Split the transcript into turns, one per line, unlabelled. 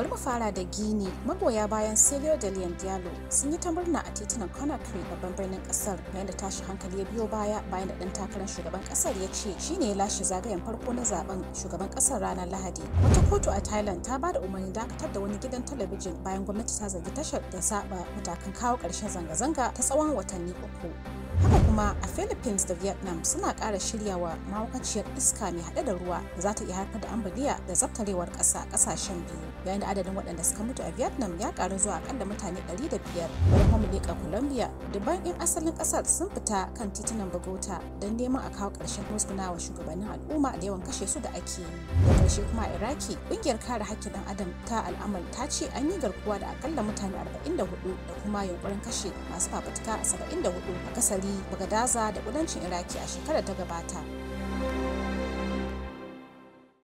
bari mu fara da gini magoya bayan celio da liam diallo sun yi ta murna a titunan conakry babban birnin kasar yayin da tashi hankali ya biyo baya bayan da dan takarar shugaban kasar ya ce shine ya lashe zagayen farko na zaben shugaban kasar ranar lahadi wata kotu a thailand ta ba da umarnin dakatar da wani gidan talabijin bayan gwamnati ta zargi tashar da saba matakan kawo ƙarshen zanga-zanga ta tsawon watanni uku kuma a philippines da vietnam suna kara shirya wa mahaukaciyar iska mai hade da ruwa da za ta iya haifar da ambaliya da zabtarewar ƙasa kasashen biyu yayin da adadin waɗanda suka mutu a vietnam ya karu zuwa akalla mutane 105 wani kuma leƙa colombia dubban 'yan asalin kasar sun fita kan titunan bogota don neman a kawo ƙarshen wa shugabannin al'umma da yawan kashe su da ake yi da ƙarshe kuma a iraki ƙungiyar kare haƙƙin ɗan adam ta al'amal ta ce an yi garkuwa da akalla mutane 44 da kuma yunkurin kashe masu fafutuka 74 a kasari gaza da kudancin iraki a shekarar ta gabata